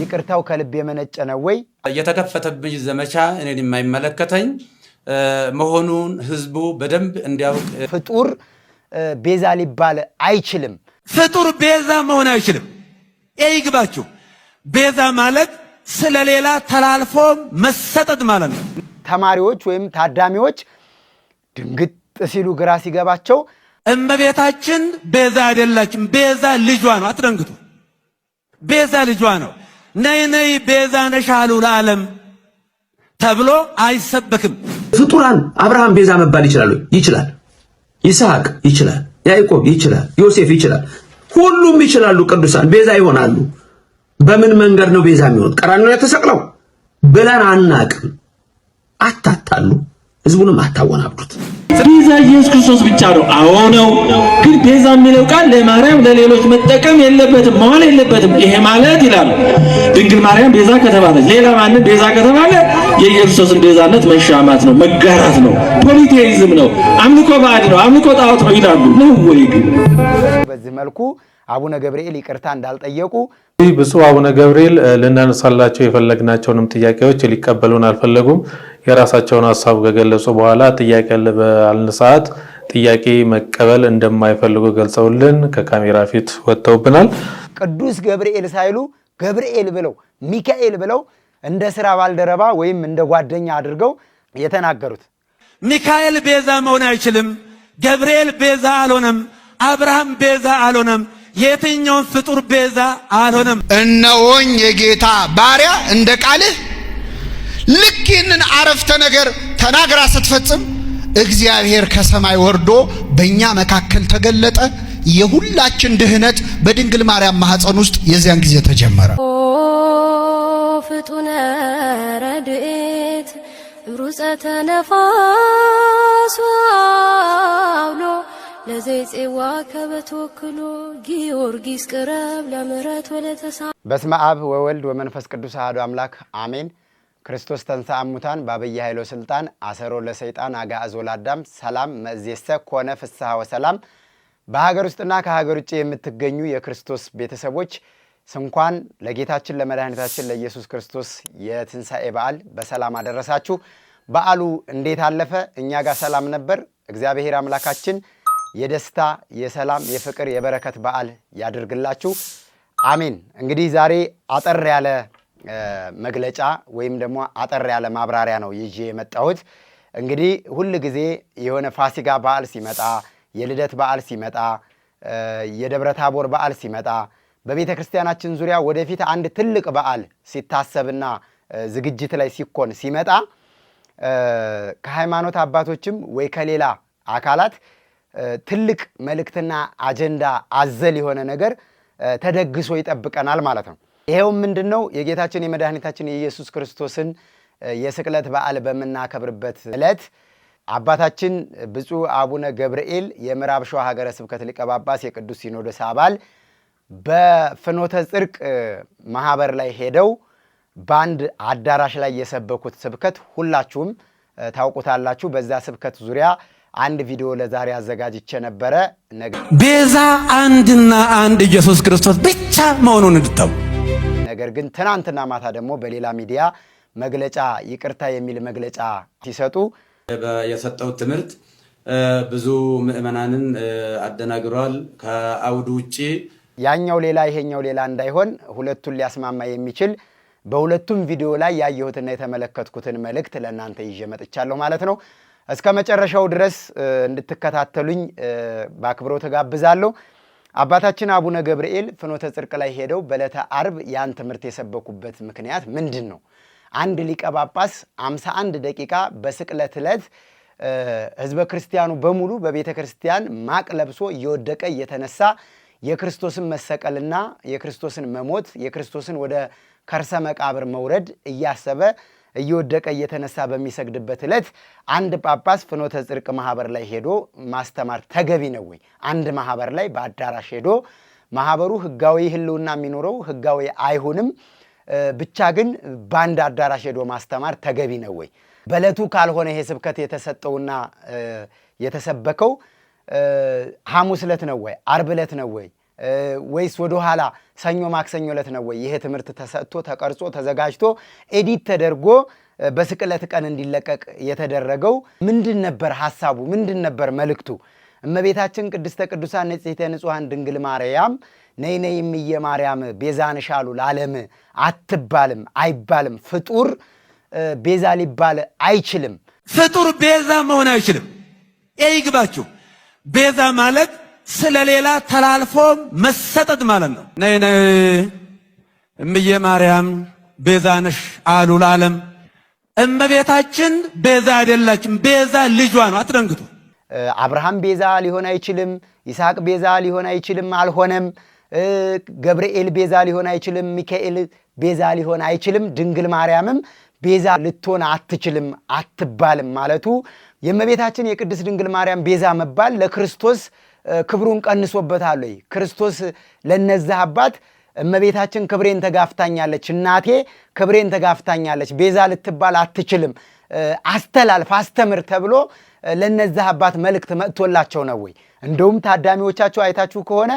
ይቅርታው ከልብ የመነጨ ነው ወይ? የተከፈተብኝ ዘመቻ እኔን የማይመለከተኝ መሆኑን ህዝቡ በደንብ እንዲያውቅ። ፍጡር ቤዛ ሊባል አይችልም። ፍጡር ቤዛ መሆን አይችልም። ይግባችሁ። ቤዛ ማለት ስለሌላ ተላልፎ መሰጠት ማለት ነው። ተማሪዎች ወይም ታዳሚዎች ድንግጥ ሲሉ ግራ ሲገባቸው እመቤታችን ቤዛ አይደላችም። ቤዛ ልጇ ነው። አትደንግቱ። ቤዛ ልጇ ነው። ነይ ነይ ቤዛ ነሽ አሉ ለዓለም ተብሎ አይሰበክም። ፍጡራን አብርሃም ቤዛ መባል ይችላል ወይ? ይችላል። ይስሐቅ ይችላል። ያዕቆብ ይችላል። ዮሴፍ ይችላል። ሁሉም ይችላሉ። ቅዱሳን ቤዛ ይሆናሉ። በምን መንገድ ነው ቤዛ የሚሆን? ቀራንዮ ተሰቅለው ብለን አናቅም። አታታሉ። ህዝቡንም አታወናብዱት። ቤዛ ኢየሱስ ክርስቶስ ብቻ ነው። አዎ ነው፣ ግን ቤዛ የሚለው ቃል ለማርያም ለሌሎች መጠቀም የለበትም መዋል የለበትም። ይሄ ማለት ይላሉ ድንግል ማርያም ቤዛ ከተባለች ሌላ ማንም ቤዛ ከተባለ የኢየሱስን ቤዛነት መሻማት ነው፣ መጋራት ነው፣ ፖሊቴይዝም ነው፣ አምልኮ ባዕድ ነው፣ አምልኮ ጣዖት ነው ይላሉ። ነው ወይ ግን በዚህ መልኩ አቡነ ገብርኤል ይቅርታ እንዳልጠየቁ ብፁዕ አቡነ ገብርኤል ልናነሳላቸው የፈለግናቸውንም ጥያቄዎች ሊቀበሉን አልፈለጉም። የራሳቸውን ሀሳብ ከገለጹ በኋላ ጥያቄ ያለ ባልን ሰዓት ጥያቄ መቀበል እንደማይፈልጉ ገልጸውልን ከካሜራ ፊት ወጥተውብናል። ቅዱስ ገብርኤል ሳይሉ ገብርኤል ብለው ሚካኤል ብለው እንደ ስራ ባልደረባ ወይም እንደ ጓደኛ አድርገው የተናገሩት። ሚካኤል ቤዛ መሆን አይችልም። ገብርኤል ቤዛ አልሆነም። አብርሃም ቤዛ አልሆነም። የትኛውን ፍጡር ቤዛ አልሆነም። እነሆኝ የጌታ ባሪያ እንደ ቃልህ ልክ ይህንን አረፍተ ነገር ተናግራ ስትፈጽም እግዚአብሔር ከሰማይ ወርዶ በእኛ መካከል ተገለጠ። የሁላችን ድህነት በድንግል ማርያም ማኅፀን ውስጥ የዚያን ጊዜ ተጀመረ። ፍጡነ ረድኤት ነፋስ አውሎ ለዘይጼዋ ከበተወክሎ ጊዮርጊስ ቅረብ ለምረት ወለተሳ በስመ አብ ወወልድ ወመንፈስ ቅዱስ አሐዱ አምላክ አሜን። ክርስቶስ ተንሥአ እሙታን በአብይ ኃይሎ ስልጣን አሰሮ ለሰይጣን አጋዕዞ ለአዳም ሰላም መእዜሰ ኮነ ፍስሐ ወሰላም። በሀገር ውስጥና ከሀገር ውጭ የምትገኙ የክርስቶስ ቤተሰቦች እንኳን ለጌታችን ለመድኃኒታችን ለኢየሱስ ክርስቶስ የትንሣኤ በዓል በሰላም አደረሳችሁ። በዓሉ እንዴት አለፈ? እኛ ጋር ሰላም ነበር። እግዚአብሔር አምላካችን የደስታ የሰላም የፍቅር የበረከት በዓል ያድርግላችሁ፣ አሜን። እንግዲህ ዛሬ አጠር ያለ መግለጫ ወይም ደግሞ አጠር ያለ ማብራሪያ ነው ይዤ የመጣሁት። እንግዲህ ሁል ጊዜ የሆነ ፋሲጋ በዓል ሲመጣ፣ የልደት በዓል ሲመጣ፣ የደብረ ታቦር በዓል ሲመጣ በቤተ ክርስቲያናችን ዙሪያ ወደፊት አንድ ትልቅ በዓል ሲታሰብና ዝግጅት ላይ ሲኮን ሲመጣ ከሃይማኖት አባቶችም ወይ ከሌላ አካላት ትልቅ መልእክትና አጀንዳ አዘል የሆነ ነገር ተደግሶ ይጠብቀናል ማለት ነው። ይኸውም ምንድን ነው? የጌታችን የመድኃኒታችን የኢየሱስ ክርስቶስን የስቅለት በዓል በምናከብርበት ዕለት አባታችን ብፁዕ አቡነ ገብርኤል የምዕራብ ሸዋ ሀገረ ስብከት ሊቀ ጳጳስ የቅዱስ ሲኖዶስ አባል በፍኖተ ጽድቅ ማህበር ላይ ሄደው በአንድ አዳራሽ ላይ የሰበኩት ስብከት ሁላችሁም ታውቁታላችሁ። በዛ ስብከት ዙሪያ አንድ ቪዲዮ ለዛሬ አዘጋጅቼ ነበረ። ቤዛ አንድና አንድ ኢየሱስ ክርስቶስ ብቻ መሆኑን እንድታው ነገር ግን ትናንትና ማታ ደግሞ በሌላ ሚዲያ መግለጫ ይቅርታ የሚል መግለጫ ሲሰጡ የሰጠው ትምህርት ብዙ ምዕመናንን አደናግሯል። ከአውድ ውጭ ያኛው ሌላ ይሄኛው ሌላ እንዳይሆን ሁለቱን ሊያስማማ የሚችል በሁለቱም ቪዲዮ ላይ ያየሁትና የተመለከትኩትን መልእክት ለእናንተ ይዤ መጥቻለሁ ማለት ነው። እስከ መጨረሻው ድረስ እንድትከታተሉኝ በአክብሮ ተጋብዛለሁ። አባታችን አቡነ ገብርኤል ፍኖተ ጽድቅ ላይ ሄደው በዕለተ አርብ ያን ትምህርት የሰበኩበት ምክንያት ምንድን ነው? አንድ ሊቀ ጳጳስ 51 ደቂቃ በስቅለት ዕለት ህዝበ ክርስቲያኑ በሙሉ በቤተ ክርስቲያን ማቅ ለብሶ እየወደቀ እየተነሳ የክርስቶስን መሰቀልና የክርስቶስን መሞት የክርስቶስን ወደ ከርሰ መቃብር መውረድ እያሰበ እየወደቀ እየተነሳ በሚሰግድበት ዕለት አንድ ጳጳስ ፍኖተ ጽድቅ ማህበር ላይ ሄዶ ማስተማር ተገቢ ነው ወይ? አንድ ማህበር ላይ በአዳራሽ ሄዶ ማህበሩ ህጋዊ ህልውና የሚኖረው ህጋዊ አይሁንም ብቻ ግን በአንድ አዳራሽ ሄዶ ማስተማር ተገቢ ነው ወይ? በዕለቱ ካልሆነ ይሄ ስብከት የተሰጠውና የተሰበከው ሐሙስ ዕለት ነው ወይ? አርብ ዕለት ነው ወይ? ወይስ ወደኋላ ሰኞ ማክሰኞ ዕለት ነው ወይ ይሄ ትምህርት ተሰጥቶ ተቀርጾ ተዘጋጅቶ ኤዲት ተደርጎ በስቅለት ቀን እንዲለቀቅ የተደረገው? ምንድን ነበር ሐሳቡ? ምንድን ነበር መልእክቱ? እመቤታችን ቅድስተ ቅዱሳን ንጽሕተ ንጹሐን ድንግል ማርያም ነይ ነይ ማርያም ቤዛንሽ ለዓለም አትባልም፣ አይባልም። ፍጡር ቤዛ ሊባል አይችልም። ፍጡር ቤዛ መሆን አይችልም። ይግባችሁ። ቤዛ ማለት ስለ ሌላ ተላልፎ መሰጠት ማለት ነው። ነይ ነይ እምዬ ማርያም ቤዛ ነሽ አሉ ለዓለም። እመቤታችን ቤዛ አይደላችም። ቤዛ ልጇ ነው። አትደንግጡ። አብርሃም ቤዛ ሊሆን አይችልም። ይስሐቅ ቤዛ ሊሆን አይችልም፣ አልሆነም። ገብርኤል ቤዛ ሊሆን አይችልም። ሚካኤል ቤዛ ሊሆን አይችልም። ድንግል ማርያምም ቤዛ ልትሆን አትችልም አትባልም ማለቱ የእመቤታችን የቅድስት ድንግል ማርያም ቤዛ መባል ለክርስቶስ ክብሩን ቀንሶበታል ወይ? ክርስቶስ ለነዚህ አባት እመቤታችን ክብሬን ተጋፍታኛለች፣ እናቴ ክብሬን ተጋፍታኛለች፣ ቤዛ ልትባል አትችልም፣ አስተላልፍ፣ አስተምር ተብሎ ለነዚህ አባት መልእክት መጥቶላቸው ነው ወይ? እንደውም ታዳሚዎቻቸው አይታችሁ ከሆነ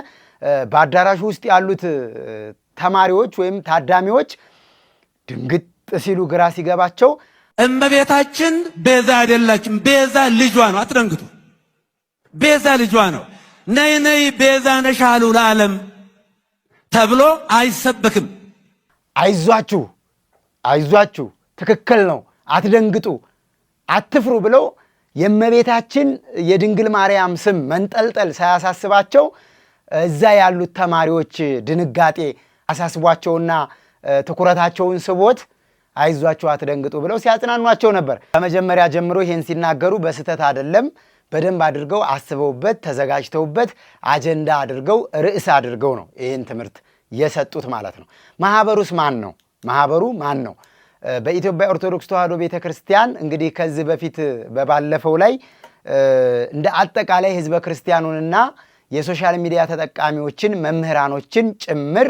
በአዳራሹ ውስጥ ያሉት ተማሪዎች ወይም ታዳሚዎች ድንግጥ ሲሉ ግራ ሲገባቸው እመቤታችን ቤዛ አይደላችም፣ ቤዛ ልጇ ነው። አትደንግቱ፣ ቤዛ ልጇ ነው። ነይ ነይ ቤዛ ነሽ አሉ ለዓለም ተብሎ አይሰበክም። አይዟችሁ አይዟችሁ፣ ትክክል ነው፣ አትደንግጡ፣ አትፍሩ ብለው የእመቤታችን የድንግል ማርያም ስም መንጠልጠል ሳያሳስባቸው እዛ ያሉት ተማሪዎች ድንጋጤ አሳስቧቸውና ትኩረታቸውን ስቦት አይዟችሁ አትደንግጡ ብለው ሲያጽናኗቸው ነበር። ከመጀመሪያ ጀምሮ ይህን ሲናገሩ በስህተት አይደለም በደንብ አድርገው አስበውበት ተዘጋጅተውበት አጀንዳ አድርገው ርዕስ አድርገው ነው ይህን ትምህርት የሰጡት ማለት ነው። ማህበሩስ ማን ነው? ማህበሩ ማን ነው? በኢትዮጵያ ኦርቶዶክስ ተዋህዶ ቤተ ክርስቲያን እንግዲህ ከዚህ በፊት በባለፈው ላይ እንደ አጠቃላይ ህዝበ ክርስቲያኑንና የሶሻል ሚዲያ ተጠቃሚዎችን መምህራኖችን ጭምር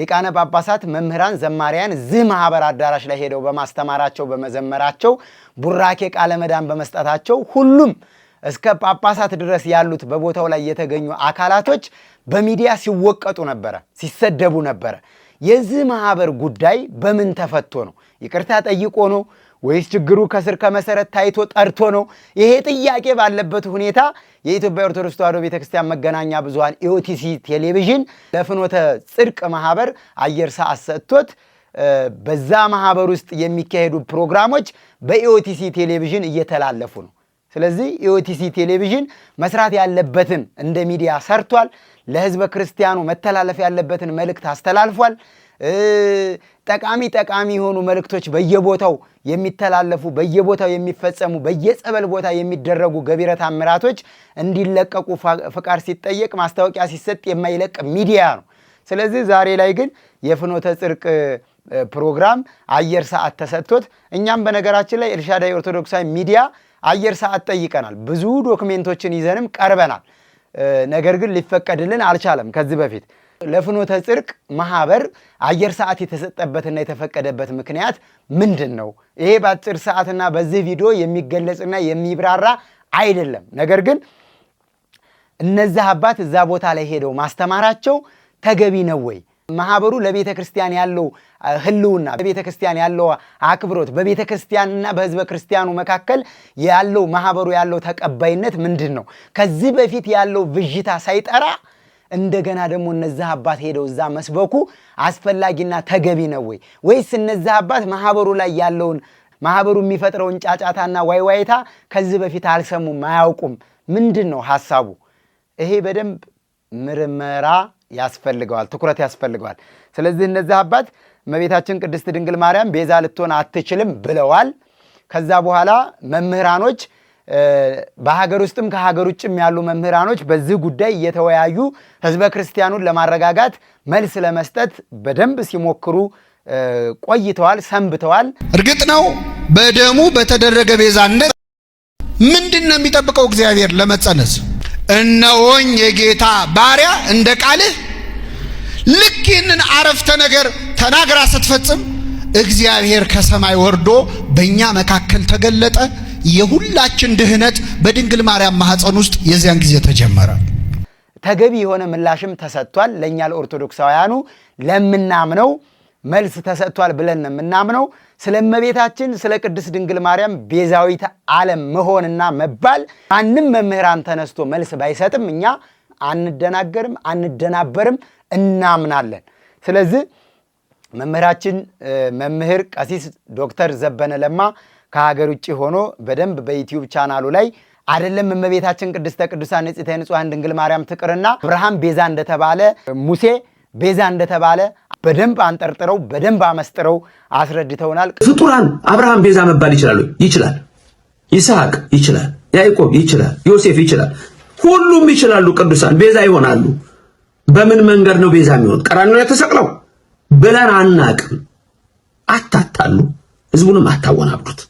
ሊቃነ ጳጳሳት፣ መምህራን፣ ዘማሪያን እዚህ ማህበር አዳራሽ ላይ ሄደው በማስተማራቸው በመዘመራቸው ቡራኬ ቃለ መዳን በመስጠታቸው ሁሉም እስከ ጳጳሳት ድረስ ያሉት በቦታው ላይ የተገኙ አካላቶች በሚዲያ ሲወቀጡ ነበረ፣ ሲሰደቡ ነበረ። የዚህ ማህበር ጉዳይ በምን ተፈቶ ነው? ይቅርታ ጠይቆ ነው ወይስ ችግሩ ከስር ከመሰረት ታይቶ ጠርቶ ነው? ይሄ ጥያቄ ባለበት ሁኔታ የኢትዮጵያ ኦርቶዶክስ ተዋሕዶ ቤተክርስቲያን መገናኛ ብዙሃን ኢኦቲሲ ቴሌቪዥን ለፍኖተ ጽድቅ ማህበር አየር ሰዓት ሰጥቶት በዛ ማህበር ውስጥ የሚካሄዱ ፕሮግራሞች በኢኦቲሲ ቴሌቪዥን እየተላለፉ ነው። ስለዚህ ኢኦቲሲ ቴሌቪዥን መስራት ያለበትን እንደ ሚዲያ ሰርቷል። ለህዝበ ክርስቲያኑ መተላለፍ ያለበትን መልእክት አስተላልፏል። ጠቃሚ ጠቃሚ የሆኑ መልእክቶች በየቦታው የሚተላለፉ በየቦታው የሚፈጸሙ በየጸበል ቦታ የሚደረጉ ገቢረ ተአምራቶች እንዲለቀቁ ፍቃድ ሲጠየቅ ማስታወቂያ ሲሰጥ የማይለቅ ሚዲያ ነው። ስለዚህ ዛሬ ላይ ግን የፍኖተ ጽድቅ ፕሮግራም አየር ሰዓት ተሰጥቶት እኛም በነገራችን ላይ ኤልሻዳይ ኦርቶዶክሳዊ ሚዲያ አየር ሰዓት ጠይቀናል። ብዙ ዶክሜንቶችን ይዘንም ቀርበናል። ነገር ግን ሊፈቀድልን አልቻለም። ከዚህ በፊት ለፍኖተ ጽድቅ ማህበር አየር ሰዓት የተሰጠበትና የተፈቀደበት ምክንያት ምንድን ነው? ይሄ በአጭር ሰዓትና በዚህ ቪዲዮ የሚገለጽና የሚብራራ አይደለም። ነገር ግን እነዚህ አባት እዛ ቦታ ላይ ሄደው ማስተማራቸው ተገቢ ነው ወይ? ማህበሩ ለቤተ ክርስቲያን ያለው ህልውና በቤተ ክርስቲያን ያለው አክብሮት በቤተ ክርስቲያንና በህዝበ ክርስቲያኑ መካከል ያለው ማህበሩ ያለው ተቀባይነት ምንድን ነው? ከዚህ በፊት ያለው ብዥታ ሳይጠራ እንደገና ደግሞ እነዚህ አባት ሄደው እዛ መስበኩ አስፈላጊና ተገቢ ነው ወይ? ወይስ እነዚህ አባት ማህበሩ ላይ ያለውን ማህበሩ የሚፈጥረውን ጫጫታና ዋይዋይታ ከዚህ በፊት አልሰሙም፣ አያውቁም? ምንድን ነው ሀሳቡ? ይሄ በደንብ ምርመራ ያስፈልገዋል፣ ትኩረት ያስፈልገዋል። ስለዚህ እነዚህ አባት እመቤታችን ቅድስት ድንግል ማርያም ቤዛ ልትሆን አትችልም ብለዋል። ከዛ በኋላ መምህራኖች በሀገር ውስጥም ከሀገር ውጭም ያሉ መምህራኖች በዚህ ጉዳይ እየተወያዩ ህዝበ ክርስቲያኑን ለማረጋጋት መልስ ለመስጠት በደንብ ሲሞክሩ ቆይተዋል፣ ሰንብተዋል። እርግጥ ነው በደሙ በተደረገ ቤዛነት ምንድን ነው የሚጠብቀው እግዚአብሔር ለመጸነስ? እነሆኝ የጌታ ባሪያ እንደ ቃልህ ልክ ይህንን አረፍተ ነገር ተናግራ ስትፈጽም እግዚአብሔር ከሰማይ ወርዶ በእኛ መካከል ተገለጠ። የሁላችን ድህነት በድንግል ማርያም ማኅፀን ውስጥ የዚያን ጊዜ ተጀመረ። ተገቢ የሆነ ምላሽም ተሰጥቷል። ለእኛ ለኦርቶዶክሳውያኑ ለምናምነው መልስ ተሰጥቷል ብለን ነው የምናምነው። ስለ እመቤታችን ስለ ቅድስት ድንግል ማርያም ቤዛዊት ዓለም መሆንና መባል ማንም መምህራን ተነስቶ መልስ ባይሰጥም እኛ አንደናገርም፣ አንደናበርም፣ እናምናለን። ስለዚህ መምህራችን መምህር ቀሲስ ዶክተር ዘበነ ለማ ከሀገር ውጭ ሆኖ በደንብ በዩትዩብ ቻናሉ ላይ አይደለም እመቤታችን ቅድስተ ቅዱሳን ንጽሕተ ንጹሐን ድንግል ማርያም ትቅርና አብርሃም ቤዛ እንደተባለ ሙሴ ቤዛ እንደተባለ በደንብ አንጠርጥረው በደንብ አመስጥረው አስረድተውናል። ፍጡራን አብርሃም ቤዛ መባል ይችላሉ? ይችላል። ይስሐቅ ይችላል። ያዕቆብ ይችላል። ዮሴፍ ይችላል። ሁሉም ይችላሉ። ቅዱሳን ቤዛ ይሆናሉ። በምን መንገድ ነው ቤዛ የሚሆን? ቀራንዮ ላይ ተሰቅለው ብለን አናቅም። አታታሉ፣ ህዝቡንም አታወናብዱት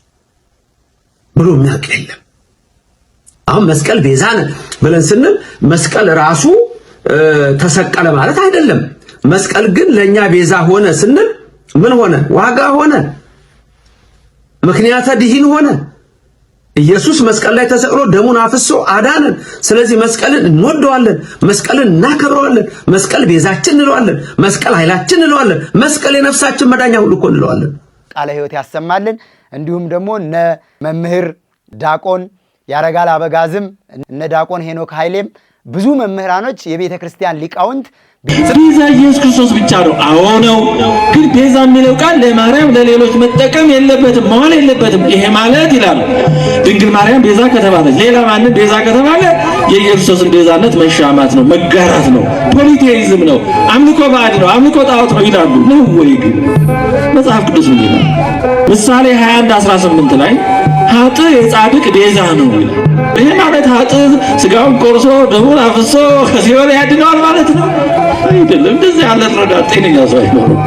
ብሎ የሚያውቅ የለም። አሁን መስቀል ቤዛን ብለን ስንል መስቀል ራሱ ተሰቀለ ማለት አይደለም። መስቀል ግን ለኛ ቤዛ ሆነ ስንል ምን ሆነ? ዋጋ ሆነ፣ ምክንያተ ድሂን ሆነ። ኢየሱስ መስቀል ላይ ተሰቅሎ ደሙን አፍሶ አዳነን። ስለዚህ መስቀልን እንወደዋለን፣ መስቀልን እናከብረዋለን፣ መስቀል ቤዛችን እንለዋለን፣ መስቀል ኃይላችን እንለዋለን፣ መስቀል የነፍሳችን መዳኛ ሁሉ እኮ እንለዋለን። ቃለ ሕይወት ያሰማልን። እንዲሁም ደግሞ እነ መምህር ዳቆን ያረጋል አበጋዝም እነ ዳቆን ሄኖክ ኃይሌም ብዙ መምህራኖች የቤተ ክርስቲያን ሊቃውንት ቤዛ ኢየሱስ ክርስቶስ ብቻ ነው። አዎ ነው። ግን ቤዛ የሚለው ቃል ለማርያም ለሌሎች መጠቀም የለበትም መዋል የለበትም። ይሄ ማለት ይላሉ ድንግል ማርያም ቤዛ ከተባለች ሌላ ማንም ቤዛ ከተባለ የኢየሱስን ቤዛነት መሻማት ነው፣ መጋራት ነው፣ ፖሊቴይዝም ነው፣ አምልኮ ባዕድ ነው፣ አምልኮ ጣዖት ነው ይላሉ። ነው ወይ ግን መጽሐፍ ቅዱስ ምን ይላል? ምሳሌ 21 18 ላይ ሀጥ የጻድቅ ቤዛ ነው ይላል። ይሄ ማለት ሀጥ ስጋውን ቆርሶ ደሙን አፍሶ ከሲኦል ያድነዋል ማለት ነው። አይደለም። እንደዚህ ያለ ረዳት ጤነኛ ሰው አይኖርም።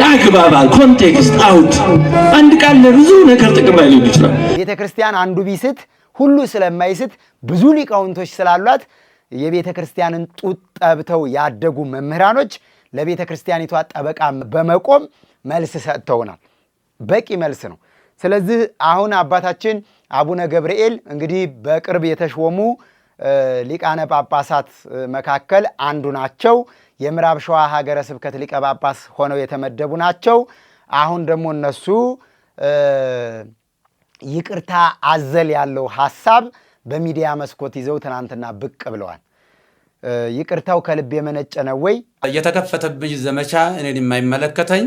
ያግባባል። ኮንቴክስት አውት አንድ ቃል ለብዙ ነገር ጥቅም ላይ ሊሆን ይችላል። ቤተ ክርስቲያን አንዱ ቢስት ሁሉ ስለማይስት ብዙ ሊቃውንቶች ስላሏት የቤተ ክርስቲያንን ጡት ጠብተው ያደጉ መምህራኖች ለቤተ ክርስቲያኒቷ ጠበቃ በመቆም መልስ ሰጥተውናል። በቂ መልስ ነው። ስለዚህ አሁን አባታችን አቡነ ገብርኤል እንግዲህ በቅርብ የተሾሙ ሊቃነ ጳጳሳት መካከል አንዱ ናቸው። የምዕራብ ሸዋ ሀገረ ስብከት ሊቀ ጳጳስ ሆነው የተመደቡ ናቸው። አሁን ደግሞ እነሱ ይቅርታ አዘል ያለው ሀሳብ በሚዲያ መስኮት ይዘው ትናንትና ብቅ ብለዋል። ይቅርታው ከልብ የመነጨ ነው ወይ? የተከፈተብኝ ዘመቻ እኔን የማይመለከተኝ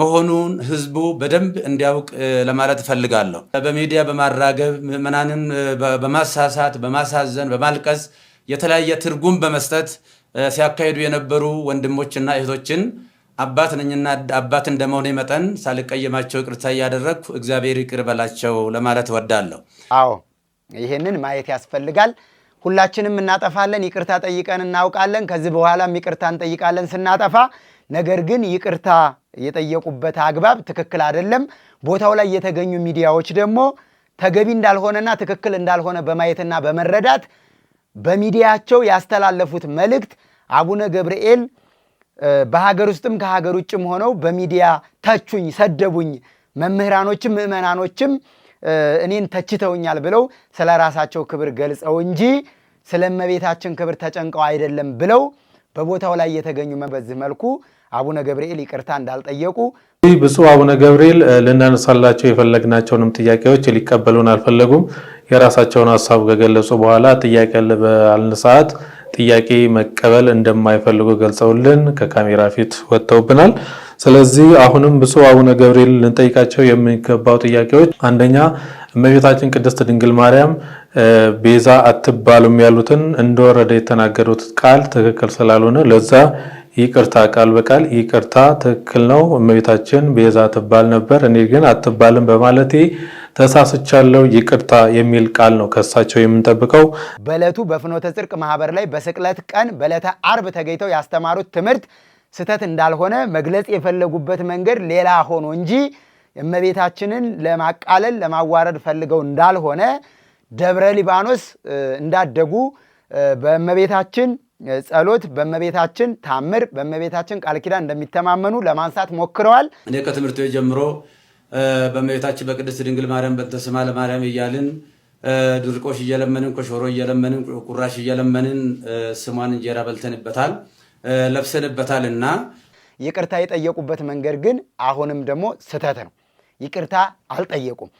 መሆኑን ህዝቡ በደንብ እንዲያውቅ ለማለት እፈልጋለሁ። በሚዲያ በማራገብ ምዕመናንን በማሳሳት በማሳዘን፣ በማልቀስ የተለያየ ትርጉም በመስጠት ሲያካሂዱ የነበሩ ወንድሞችና እህቶችን አባት ነኝና አባት እንደመሆነ መጠን ሳልቀየማቸው ይቅርታ እያደረግኩ እግዚአብሔር ይቅር በላቸው ለማለት እወዳለሁ። አዎ ይህንን ማየት ያስፈልጋል። ሁላችንም እናጠፋለን። ይቅርታ ጠይቀን እናውቃለን። ከዚህ በኋላም ይቅርታ እንጠይቃለን ስናጠፋ ነገር ግን ይቅርታ የጠየቁበት አግባብ ትክክል አይደለም። ቦታው ላይ የተገኙ ሚዲያዎች ደግሞ ተገቢ እንዳልሆነና ትክክል እንዳልሆነ በማየትና በመረዳት በሚዲያቸው ያስተላለፉት መልእክት አቡነ ገብርኤል በሀገር ውስጥም ከሀገር ውጭም ሆነው በሚዲያ ተቹኝ፣ ሰደቡኝ፣ መምህራኖችም ምዕመናኖችም እኔን ተችተውኛል ብለው ስለ ራሳቸው ክብር ገልጸው እንጂ ስለ እመቤታችን ክብር ተጨንቀው አይደለም ብለው በቦታው ላይ የተገኙ በዚህ መልኩ አቡነ ገብርኤል ይቅርታ እንዳልጠየቁ ብፁዕ አቡነ ገብርኤል ልናነሳላቸው የፈለግናቸውንም ጥያቄዎች ሊቀበሉን አልፈለጉም። የራሳቸውን ሀሳብ ከገለጹ በኋላ ጥያቄ ባልን ሰዓት ጥያቄ መቀበል እንደማይፈልጉ ገልጸውልን ከካሜራ ፊት ወጥተውብናል። ስለዚህ አሁንም ብፁዕ አቡነ ገብርኤል ልንጠይቃቸው የሚገባው ጥያቄዎች አንደኛ እመቤታችን ቅድስት ድንግል ማርያም ቤዛ አትባሉም ያሉትን እንደወረደ የተናገሩት ቃል ትክክል ስላልሆነ ለዛ ይቅርታ ቃል በቃል ይቅርታ ትክክል ነው፣ እመቤታችን ቤዛ ትባል ነበር፣ እኔ ግን አትባልም በማለቴ ተሳስቻለሁ፣ ይቅርታ የሚል ቃል ነው ከሳቸው የምንጠብቀው። በዕለቱ በፍኖተ ጽድቅ ማህበር ላይ በስቅለት ቀን በዕለተ አርብ ተገኝተው ያስተማሩት ትምህርት ስህተት እንዳልሆነ መግለጽ የፈለጉበት መንገድ ሌላ ሆኖ እንጂ እመቤታችንን ለማቃለል ለማዋረድ ፈልገው እንዳልሆነ ደብረ ሊባኖስ እንዳደጉ በእመቤታችን ጸሎት በእመቤታችን ታምር በእመቤታችን ቃል ኪዳን እንደሚተማመኑ ለማንሳት ሞክረዋል። እኔ ከትምህርት ቤት ጀምሮ በእመቤታችን በቅድስት ድንግል ማርያም በእንተ ስማ ለማርያም እያልን ድርቆሽ እየለመንን ኮሾሮ እየለመንን ቁራሽ እየለመንን ስሟን እንጀራ በልተንበታል ለብሰንበታል እና ይቅርታ የጠየቁበት መንገድ ግን አሁንም ደግሞ ስህተት ነው። ይቅርታ አልጠየቁም።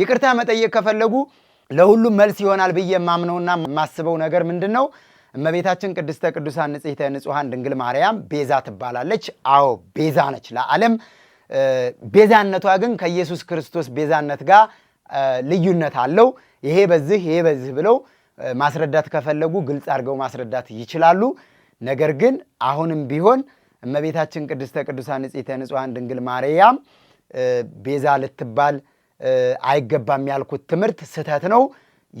ይቅርታ መጠየቅ ከፈለጉ ለሁሉም መልስ ይሆናል ብዬ የማምነውና የማስበው ነገር ምንድን ነው? እመቤታችን ቅድስተ ቅዱሳን ንጽሕተ ንጹሐን ድንግል ማርያም ቤዛ ትባላለች። አዎ ቤዛ ነች ለዓለም። ቤዛነቷ ግን ከኢየሱስ ክርስቶስ ቤዛነት ጋር ልዩነት አለው። ይሄ በዚህ ይሄ በዚህ ብለው ማስረዳት ከፈለጉ ግልጽ አድርገው ማስረዳት ይችላሉ። ነገር ግን አሁንም ቢሆን እመቤታችን ቅድስተ ቅዱሳን ንጽሕተ ንጹሐን ድንግል ማርያም ቤዛ ልትባል አይገባም ያልኩት ትምህርት ስህተት ነው፣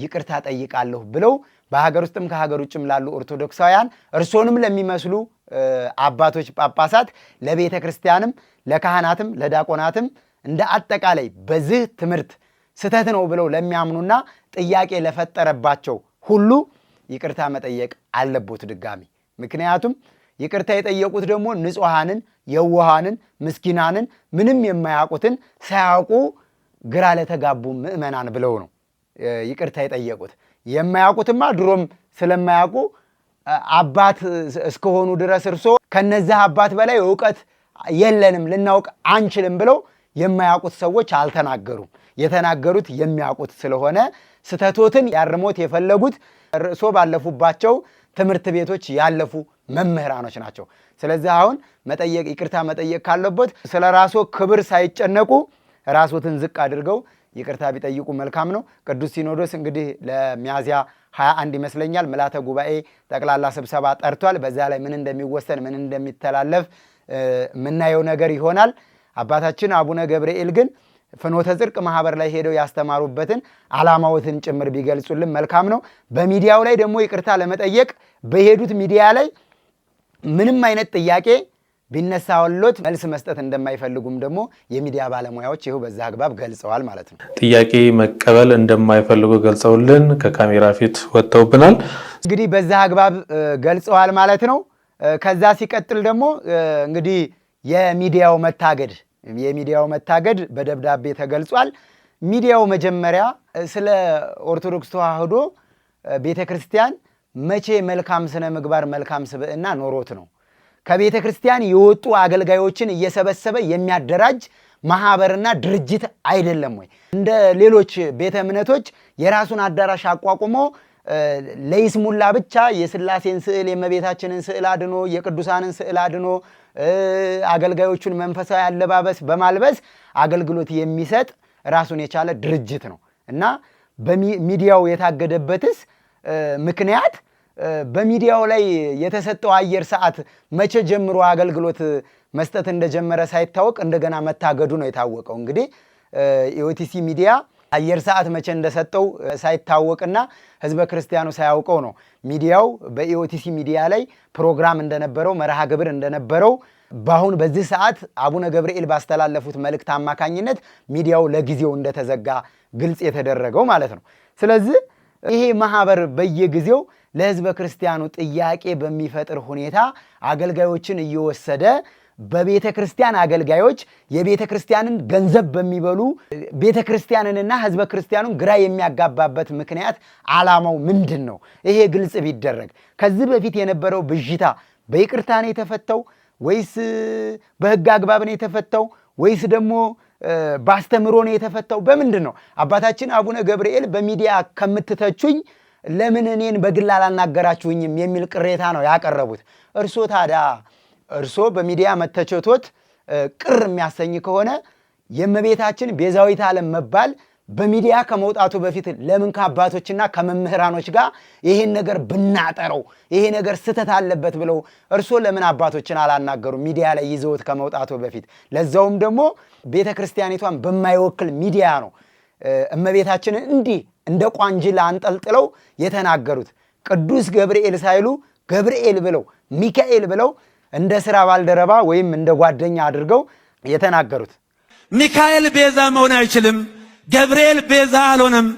ይቅርታ ጠይቃለሁ ብለው በሀገር ውስጥም ከሀገር ውጭም ላሉ ኦርቶዶክሳውያን እርሶንም ለሚመስሉ አባቶች ጳጳሳት፣ ለቤተ ክርስቲያንም፣ ለካህናትም፣ ለዳቆናትም እንደ አጠቃላይ በዚህ ትምህርት ስህተት ነው ብለው ለሚያምኑና ጥያቄ ለፈጠረባቸው ሁሉ ይቅርታ መጠየቅ አለቦት ድጋሚ። ምክንያቱም ይቅርታ የጠየቁት ደግሞ ንጹሐንን፣ የውሃንን፣ ምስኪናንን፣ ምንም የማያውቁትን ሳያውቁ ግራ ለተጋቡ ምእመናን ብለው ነው ይቅርታ የጠየቁት። የማያውቁትማ ድሮም ስለማያውቁ አባት እስከሆኑ ድረስ እርሶ ከነዚህ አባት በላይ እውቀት የለንም ልናውቅ አንችልም ብለው የማያውቁት ሰዎች አልተናገሩም። የተናገሩት የሚያውቁት ስለሆነ ስተቶትን ያርሞት የፈለጉት እርሶ ባለፉባቸው ትምህርት ቤቶች ያለፉ መምህራኖች ናቸው። ስለዚህ አሁን መጠየቅ ይቅርታ መጠየቅ ካለበት ስለ ራስዎ ክብር ሳይጨነቁ ራስዎትን ዝቅ አድርገው ይቅርታ ቢጠይቁ መልካም ነው። ቅዱስ ሲኖዶስ እንግዲህ ለሚያዝያ 21 ይመስለኛል ምልዓተ ጉባኤ ጠቅላላ ስብሰባ ጠርቷል። በዛ ላይ ምን እንደሚወሰን ምን እንደሚተላለፍ የምናየው ነገር ይሆናል። አባታችን አቡነ ገብርኤል ግን ፍኖተ ጽድቅ ማህበር ላይ ሄደው ያስተማሩበትን ዓላማዎትን ጭምር ቢገልጹልን መልካም ነው። በሚዲያው ላይ ደግሞ ይቅርታ ለመጠየቅ በሄዱት ሚዲያ ላይ ምንም አይነት ጥያቄ ቢነሳ መልስ መስጠት እንደማይፈልጉም ደግሞ የሚዲያ ባለሙያዎች ይኸው በዛ አግባብ ገልጸዋል ማለት ነው። ጥያቄ መቀበል እንደማይፈልጉ ገልጸውልን ከካሜራ ፊት ወጥተውብናል። እንግዲህ በዛ አግባብ ገልጸዋል ማለት ነው። ከዛ ሲቀጥል ደግሞ እንግዲህ የሚዲያው መታገድ የሚዲያው መታገድ በደብዳቤ ተገልጿል። ሚዲያው መጀመሪያ ስለ ኦርቶዶክስ ተዋህዶ ቤተ ክርስቲያን መቼ መልካም ስነ ምግባር መልካም ስብዕና ኖሮት ነው ከቤተ ክርስቲያን የወጡ አገልጋዮችን እየሰበሰበ የሚያደራጅ ማህበርና ድርጅት አይደለም ወይ? እንደ ሌሎች ቤተ እምነቶች የራሱን አዳራሽ አቋቁሞ ለይስሙላ ብቻ የስላሴን ስዕል፣ የእመቤታችንን ስዕል አድኖ የቅዱሳንን ስዕል አድኖ አገልጋዮቹን መንፈሳዊ አለባበስ በማልበስ አገልግሎት የሚሰጥ ራሱን የቻለ ድርጅት ነው እና በሚዲያው የታገደበትስ ምክንያት በሚዲያው ላይ የተሰጠው አየር ሰዓት መቼ ጀምሮ አገልግሎት መስጠት እንደጀመረ ሳይታወቅ እንደገና መታገዱ ነው የታወቀው። እንግዲህ የኦቲሲ ሚዲያ አየር ሰዓት መቼ እንደሰጠው ሳይታወቅና ህዝበ ክርስቲያኑ ሳያውቀው ነው ሚዲያው በኢኦቲሲ ሚዲያ ላይ ፕሮግራም እንደነበረው መርሃ ግብር እንደነበረው በአሁን በዚህ ሰዓት አቡነ ገብርኤል ባስተላለፉት መልእክት አማካኝነት ሚዲያው ለጊዜው እንደተዘጋ ግልጽ የተደረገው ማለት ነው። ስለዚህ ይሄ ማህበር በየጊዜው ለህዝበ ክርስቲያኑ ጥያቄ በሚፈጥር ሁኔታ አገልጋዮችን እየወሰደ በቤተ ክርስቲያን አገልጋዮች የቤተ ክርስቲያንን ገንዘብ በሚበሉ ቤተ ክርስቲያንንና ህዝበ ክርስቲያኑን ግራ የሚያጋባበት ምክንያት ዓላማው ምንድን ነው? ይሄ ግልጽ ቢደረግ ከዚህ በፊት የነበረው ብዥታ በይቅርታ ነው የተፈተው ወይስ በህግ አግባብ ነው የተፈተው ወይስ ደግሞ ባስተምሮ ነው የተፈታው። በምንድን ነው አባታችን አቡነ ገብርኤል በሚዲያ ከምትተቹኝ ለምን እኔን በግል አላናገራችሁኝም የሚል ቅሬታ ነው ያቀረቡት። እርሶ ታዲያ እርሶ በሚዲያ መተቸቶት ቅር የሚያሰኝ ከሆነ የእመቤታችን ቤዛዊት ዓለም መባል በሚዲያ ከመውጣቱ በፊት ለምን ከአባቶችና ከመምህራኖች ጋር ይሄን ነገር ብናጠረው ይሄ ነገር ስህተት አለበት ብለው እርስዎ ለምን አባቶችን አላናገሩ ሚዲያ ላይ ይዘውት ከመውጣቱ በፊት ለዛውም ደግሞ ቤተ ክርስቲያኒቷን በማይወክል ሚዲያ ነው እመቤታችንን እንዲህ እንደ ቋንጅላ አንጠልጥለው የተናገሩት። ቅዱስ ገብርኤል ሳይሉ ገብርኤል ብለው ሚካኤል ብለው እንደ ስራ ባልደረባ ወይም እንደ ጓደኛ አድርገው የተናገሩት። ሚካኤል ቤዛ መሆን አይችልም ገብርኤል ቤዛ አልሆነም።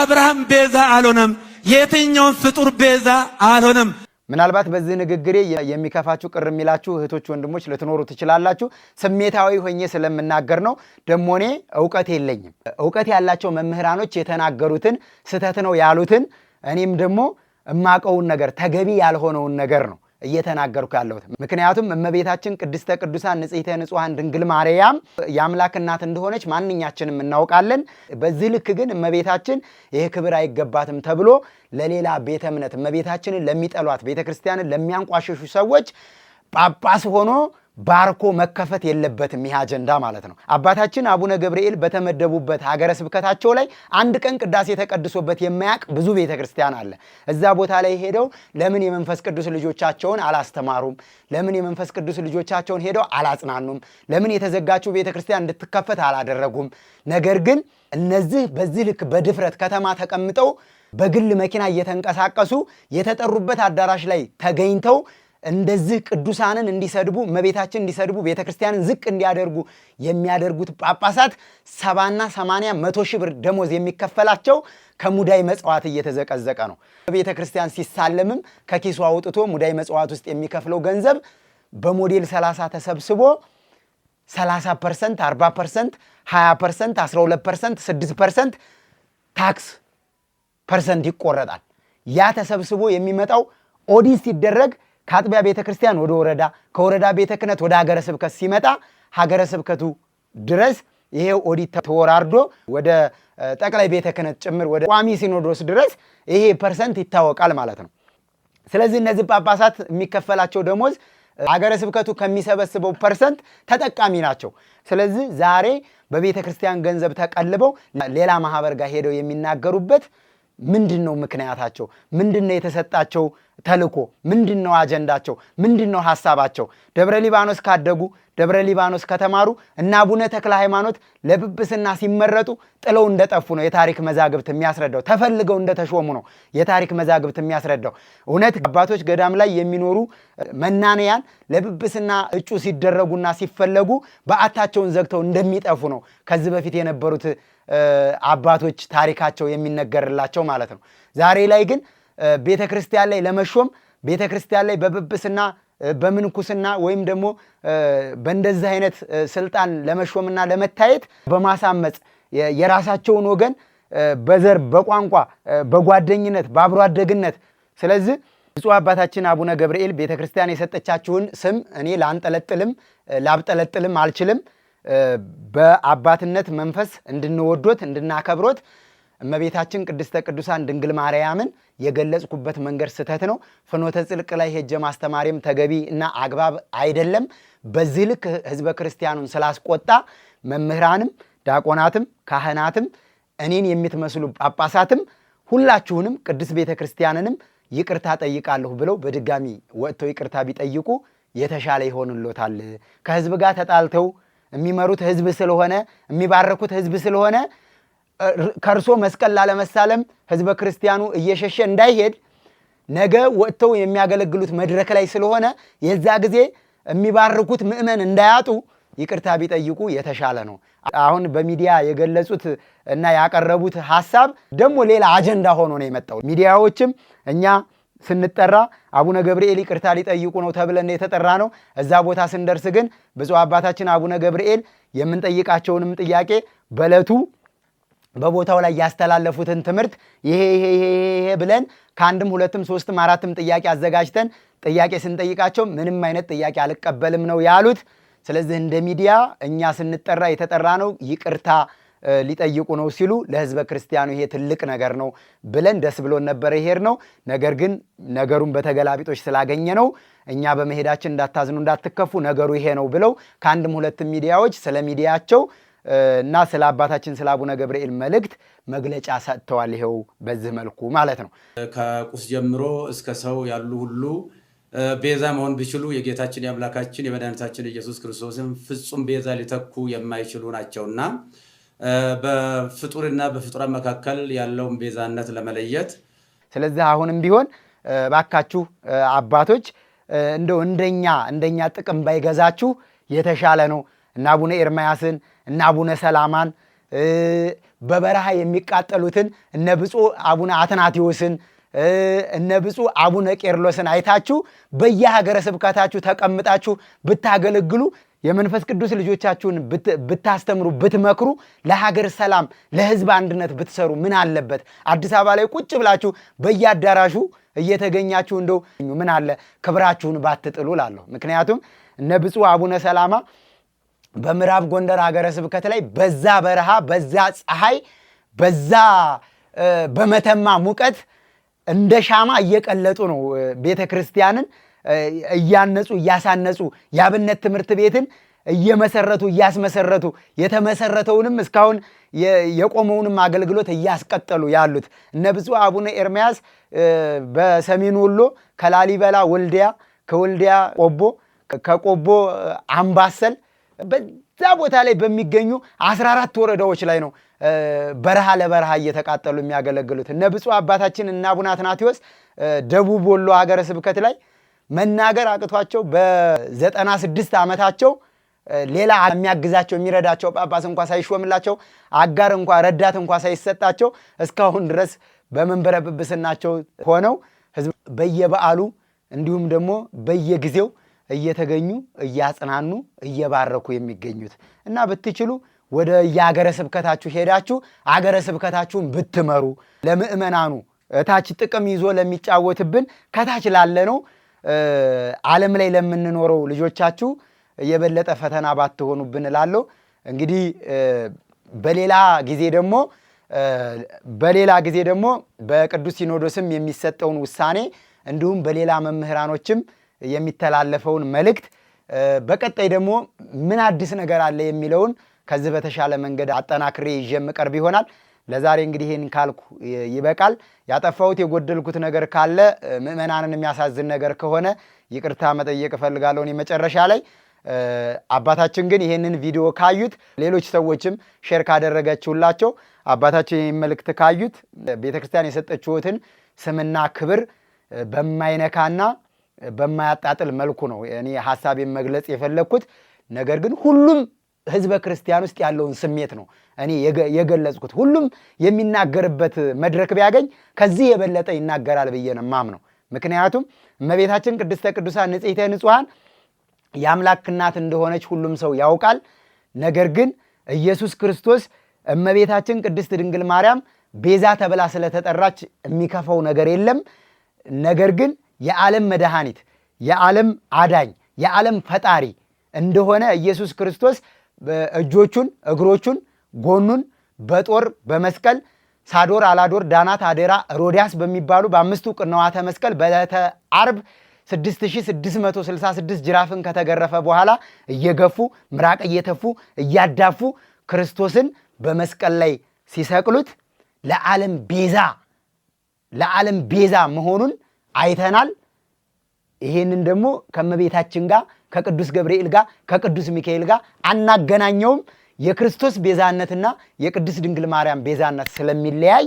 አብርሃም ቤዛ አልሆነም። የትኛውን ፍጡር ቤዛ አልሆነም። ምናልባት በዚህ ንግግሬ የሚከፋችሁ ቅር የሚላችሁ እህቶች ወንድሞች ልትኖሩ ትችላላችሁ። ስሜታዊ ሆኜ ስለምናገር ነው። ደግሞ እኔ እውቀት የለኝም። እውቀት ያላቸው መምህራኖች የተናገሩትን ስህተት ነው ያሉትን እኔም ደግሞ እማቀውን ነገር ተገቢ ያልሆነውን ነገር ነው እየተናገርኩ ያለሁት። ምክንያቱም እመቤታችን ቅድስተ ቅዱሳን ንጽሕተ ንጹሐን ድንግል ማርያም የአምላክ እናት እንደሆነች ማንኛችንም እናውቃለን። በዚህ ልክ ግን እመቤታችን ይህ ክብር አይገባትም ተብሎ ለሌላ ቤተ እምነት እመቤታችንን ለሚጠሏት ቤተ ክርስቲያንን ለሚያንቋሸሹ ሰዎች ጳጳስ ሆኖ ባርኮ መከፈት የለበትም ይህ አጀንዳ ማለት ነው። አባታችን አቡነ ገብርኤል በተመደቡበት ሀገረ ስብከታቸው ላይ አንድ ቀን ቅዳሴ ተቀድሶበት የማያውቅ ብዙ ቤተ ክርስቲያን አለ። እዛ ቦታ ላይ ሄደው ለምን የመንፈስ ቅዱስ ልጆቻቸውን አላስተማሩም? ለምን የመንፈስ ቅዱስ ልጆቻቸውን ሄደው አላጽናኑም? ለምን የተዘጋችው ቤተ ክርስቲያን እንድትከፈት አላደረጉም? ነገር ግን እነዚህ በዚህ ልክ በድፍረት ከተማ ተቀምጠው በግል መኪና እየተንቀሳቀሱ የተጠሩበት አዳራሽ ላይ ተገኝተው እንደዚህ ቅዱሳንን እንዲሰድቡ እመቤታችን እንዲሰድቡ ቤተ ክርስቲያንን ዝቅ እንዲያደርጉ የሚያደርጉት ጳጳሳት ሰባና ሰማንያ መቶ ሺህ ብር ደሞዝ የሚከፈላቸው ከሙዳይ መጽዋት እየተዘቀዘቀ ነው። ቤተ ክርስቲያን ሲሳለምም ከኪሱ አውጥቶ ሙዳይ መጽዋት ውስጥ የሚከፍለው ገንዘብ በሞዴል 30 ተሰብስቦ 30 ፐርሰንት፣ 40 ፐርሰንት፣ 20 ፐርሰንት፣ 12 ፐርሰንት፣ 6 ፐርሰንት ታክስ ፐርሰንት ይቆረጣል። ያ ተሰብስቦ የሚመጣው ኦዲት ሲደረግ ከአጥቢያ ቤተ ክርስቲያን ወደ ወረዳ፣ ከወረዳ ቤተ ክህነት ወደ ሀገረ ስብከት ሲመጣ ሀገረ ስብከቱ ድረስ ይሄው ኦዲት ተወራርዶ ወደ ጠቅላይ ቤተ ክህነት ጭምር ወደ ቋሚ ሲኖዶስ ድረስ ይሄ ፐርሰንት ይታወቃል ማለት ነው። ስለዚህ እነዚህ ጳጳሳት የሚከፈላቸው ደሞዝ ሀገረ ስብከቱ ከሚሰበስበው ፐርሰንት ተጠቃሚ ናቸው። ስለዚህ ዛሬ በቤተ ክርስቲያን ገንዘብ ተቀልበው ሌላ ማህበር ጋር ሄደው የሚናገሩበት ምንድን ነው ምክንያታቸው? ምንድን ነው የተሰጣቸው ተልኮ? ምንድን ነው አጀንዳቸው? ምንድን ነው ሀሳባቸው? ደብረ ሊባኖስ ካደጉ፣ ደብረ ሊባኖስ ከተማሩ እና አቡነ ተክለ ሃይማኖት ለብብስና ሲመረጡ ጥለው እንደጠፉ ነው የታሪክ መዛግብት የሚያስረዳው። ተፈልገው እንደተሾሙ ነው የታሪክ መዛግብት የሚያስረዳው። እውነት አባቶች ገዳም ላይ የሚኖሩ መናንያን ለብብስና እጩ ሲደረጉና ሲፈለጉ በአታቸውን ዘግተው እንደሚጠፉ ነው ከዚህ በፊት የነበሩት አባቶች ታሪካቸው የሚነገርላቸው ማለት ነው። ዛሬ ላይ ግን ቤተ ክርስቲያን ላይ ለመሾም ቤተ ክርስቲያን ላይ በብብስና በምንኩስና ወይም ደግሞ በእንደዚህ አይነት ስልጣን ለመሾምና ለመታየት በማሳመፅ የራሳቸውን ወገን በዘር፣ በቋንቋ፣ በጓደኝነት፣ በአብሮ አደግነት ስለዚህ ብፁዕ አባታችን አቡነ ገብርኤል ቤተ ክርስቲያን የሰጠቻችሁን ስም እኔ ላንጠለጥልም ላብጠለጥልም አልችልም በአባትነት መንፈስ እንድንወዶት እንድናከብሮት እመቤታችን ቅድስተ ቅዱሳን ድንግል ማርያምን የገለጽኩበት መንገድ ስህተት ነው። ፍኖተ ጽልቅ ላይ ሄጀ ማስተማሪም ተገቢ እና አግባብ አይደለም። በዚህ ልክ ህዝበ ክርስቲያኑን ስላስቆጣ መምህራንም፣ ዳቆናትም፣ ካህናትም፣ እኔን የምትመስሉ ጳጳሳትም ሁላችሁንም ቅድስት ቤተ ክርስቲያንንም ይቅርታ ጠይቃለሁ ብለው በድጋሚ ወጥተው ይቅርታ ቢጠይቁ የተሻለ ይሆንሎታል። ከህዝብ ጋር ተጣልተው የሚመሩት ህዝብ ስለሆነ የሚባረኩት ህዝብ ስለሆነ ከእርሶ መስቀል ላለመሳለም ህዝበ ክርስቲያኑ እየሸሸ እንዳይሄድ ነገ ወጥተው የሚያገለግሉት መድረክ ላይ ስለሆነ የዛ ጊዜ የሚባርኩት ምእመን እንዳያጡ ይቅርታ ቢጠይቁ የተሻለ ነው። አሁን በሚዲያ የገለጹት እና ያቀረቡት ሀሳብ ደግሞ ሌላ አጀንዳ ሆኖ ነው የመጣው። ሚዲያዎችም እኛ ስንጠራ አቡነ ገብርኤል ይቅርታ ሊጠይቁ ነው ተብለን የተጠራ ነው። እዛ ቦታ ስንደርስ ግን ብፁዕ አባታችን አቡነ ገብርኤል የምንጠይቃቸውንም ጥያቄ በዕለቱ በቦታው ላይ ያስተላለፉትን ትምህርት ይሄ ይሄ ይሄ ብለን ከአንድም ሁለትም ሶስትም አራትም ጥያቄ አዘጋጅተን ጥያቄ ስንጠይቃቸው ምንም አይነት ጥያቄ አልቀበልም ነው ያሉት። ስለዚህ እንደ ሚዲያ እኛ ስንጠራ የተጠራ ነው ይቅርታ ሊጠይቁ ነው ሲሉ ለህዝበ ክርስቲያኑ ይሄ ትልቅ ነገር ነው ብለን ደስ ብሎን ነበረ ይሄድ ነው። ነገር ግን ነገሩን በተገላቢጦች ስላገኘ ነው እኛ በመሄዳችን እንዳታዝኑ እንዳትከፉ፣ ነገሩ ይሄ ነው ብለው ከአንድም ሁለት ሚዲያዎች ስለ ሚዲያቸው እና ስለ አባታችን ስለ አቡነ ገብርኤል መልእክት መግለጫ ሰጥተዋል። ይኸው በዚህ መልኩ ማለት ነው። ከቁስ ጀምሮ እስከ ሰው ያሉ ሁሉ ቤዛ መሆን ቢችሉ የጌታችን የአምላካችን የመድኃኒታችን ኢየሱስ ክርስቶስን ፍጹም ቤዛ ሊተኩ የማይችሉ ናቸውና በፍጡርና በፍጡራን መካከል ያለውን ቤዛነት ለመለየት። ስለዚህ አሁንም ቢሆን ባካችሁ አባቶች እንደው እንደኛ እንደኛ ጥቅም ባይገዛችሁ የተሻለ ነው እና አቡነ ኤርማያስን እና አቡነ ሰላማን በበረሃ የሚቃጠሉትን እነ ብፁ አቡነ አትናቴዎስን እነ ብፁ አቡነ ቄርሎስን አይታችሁ በየሀገረ ስብከታችሁ ተቀምጣችሁ ብታገለግሉ የመንፈስ ቅዱስ ልጆቻችሁን ብታስተምሩ ብትመክሩ፣ ለሀገር ሰላም ለህዝብ አንድነት ብትሰሩ ምን አለበት? አዲስ አበባ ላይ ቁጭ ብላችሁ በየአዳራሹ እየተገኛችሁ እንደው ምን አለ ክብራችሁን ባትጥሉ ላለሁ። ምክንያቱም እነ ብፁዕ አቡነ ሰላማ በምዕራብ ጎንደር ሀገረ ስብከት ላይ በዛ በረሃ በዛ ፀሐይ በዛ በመተማ ሙቀት እንደ ሻማ እየቀለጡ ነው ቤተ ክርስቲያንን እያነጹ እያሳነጹ የአብነት ትምህርት ቤትን እየመሰረቱ እያስመሰረቱ የተመሰረተውንም እስካሁን የቆመውንም አገልግሎት እያስቀጠሉ ያሉት እነ ብፁዕ አቡነ ኤርምያስ በሰሜን ወሎ ከላሊበላ ወልዲያ፣ ከወልዲያ ቆቦ፣ ከቆቦ አምባሰል በዛ ቦታ ላይ በሚገኙ አስራ አራት ወረዳዎች ላይ ነው በረሃ ለበረሃ እየተቃጠሉ የሚያገለግሉት። እነ ብፁዕ አባታችን እና አቡነ አትናቴዎስ ደቡብ ወሎ ሀገረ ስብከት ላይ መናገር አቅቷቸው በዘጠና ስድስት ዓመታቸው ሌላ የሚያግዛቸው የሚረዳቸው ጳጳስ እንኳ ሳይሾምላቸው አጋር እንኳ ረዳት እንኳ ሳይሰጣቸው እስካሁን ድረስ በመንበረ ጵጵስናቸው ሆነው በየበዓሉ እንዲሁም ደግሞ በየጊዜው እየተገኙ እያጽናኑ እየባረኩ የሚገኙት እና ብትችሉ ወደ የአገረ ስብከታችሁ ሄዳችሁ አገረ ስብከታችሁን ብትመሩ ለምእመናኑ እታች ጥቅም ይዞ ለሚጫወትብን ከታች ላለ ነው ዓለም ላይ ለምንኖረው ልጆቻችሁ የበለጠ ፈተና ባትሆኑብን እላለሁ። እንግዲህ በሌላ ጊዜ ደግሞ በሌላ ጊዜ ደግሞ በቅዱስ ሲኖዶስም የሚሰጠውን ውሳኔ እንዲሁም በሌላ መምህራኖችም የሚተላለፈውን መልእክት በቀጣይ ደግሞ ምን አዲስ ነገር አለ የሚለውን ከዚህ በተሻለ መንገድ አጠናክሬ ይዤ የምቀርብ ይሆናል። ለዛሬ እንግዲህ ይህን ካልኩ ይበቃል። ያጠፋሁት የጎደልኩት ነገር ካለ ምዕመናንን የሚያሳዝን ነገር ከሆነ ይቅርታ መጠየቅ እፈልጋለሁ እኔ መጨረሻ ላይ። አባታችን ግን ይህንን ቪዲዮ ካዩት ሌሎች ሰዎችም ሼር ካደረገችሁላቸው አባታችን መልእክት ካዩት ቤተ ክርስቲያን የሰጠችሁትን ስምና ክብር በማይነካና በማያጣጥል መልኩ ነው እኔ ሀሳቤን መግለጽ የፈለግኩት። ነገር ግን ሁሉም ህዝበ ክርስቲያን ውስጥ ያለውን ስሜት ነው እኔ የገለጽኩት። ሁሉም የሚናገርበት መድረክ ቢያገኝ ከዚህ የበለጠ ይናገራል ብዬ ነው የማምነው። ምክንያቱም እመቤታችን ቅድስተ ቅዱሳን ንጽሕተ ንጹሐን የአምላክ እናት እንደሆነች ሁሉም ሰው ያውቃል። ነገር ግን ኢየሱስ ክርስቶስ እመቤታችን ቅድስት ድንግል ማርያም ቤዛ ተብላ ስለተጠራች የሚከፈው ነገር የለም። ነገር ግን የዓለም መድኃኒት፣ የዓለም አዳኝ፣ የዓለም ፈጣሪ እንደሆነ ኢየሱስ ክርስቶስ እጆቹን፣ እግሮቹን፣ ጎኑን በጦር በመስቀል ሳዶር፣ አላዶር፣ ዳናት፣ አዴራ፣ ሮዲያስ በሚባሉ በአምስቱ ቅንዋተ መስቀል በዕለተ ዓርብ 6666 ጅራፍን ከተገረፈ በኋላ እየገፉ ምራቅ እየተፉ እያዳፉ ክርስቶስን በመስቀል ላይ ሲሰቅሉት ለዓለም ቤዛ ለዓለም ቤዛ መሆኑን አይተናል። ይሄንን ደግሞ ከመቤታችን ጋር ከቅዱስ ገብርኤል ጋር ከቅዱስ ሚካኤል ጋር አናገናኘውም። የክርስቶስ ቤዛነትና የቅዱስ ድንግል ማርያም ቤዛነት ስለሚለያይ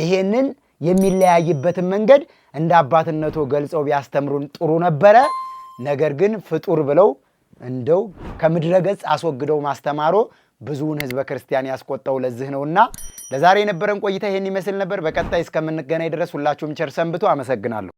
ይሄንን የሚለያይበትን መንገድ እንደ አባትነቱ ገልጸው ቢያስተምሩን ጥሩ ነበረ። ነገር ግን ፍጡር ብለው እንደው ከምድረ ገጽ አስወግደው ማስተማሮ ብዙውን ህዝበ ክርስቲያን ያስቆጣው ለዚህ ነውና ለዛሬ የነበረን ቆይታ ይሄን ይመስል ነበር። በቀጣይ እስከምንገናኝ ድረስ ሁላችሁም ቸር ሰንብቱ። አመሰግናለሁ።